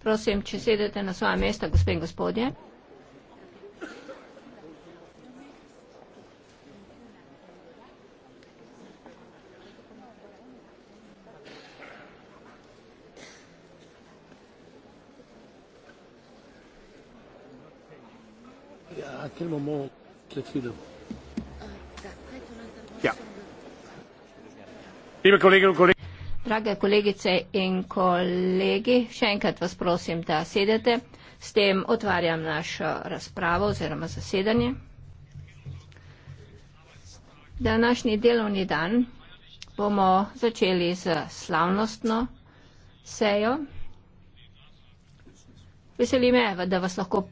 prosim če sedete na svoja mesta gospe in gospodje ja, ja. Liebe Kolleginnen und Kollegen, ich möchte mich zunächst einmal bei allen Kolleginnen und Kollegen bedanken, die heute hier sind. Drage kolegice in kolegi, še enkrat vas prosim, da sedete. S tem otvarjam našo razpravo oziroma zasedanje. Današnji delovni dan bomo začeli z slavnostno sejo. Veseli me, da vas lahko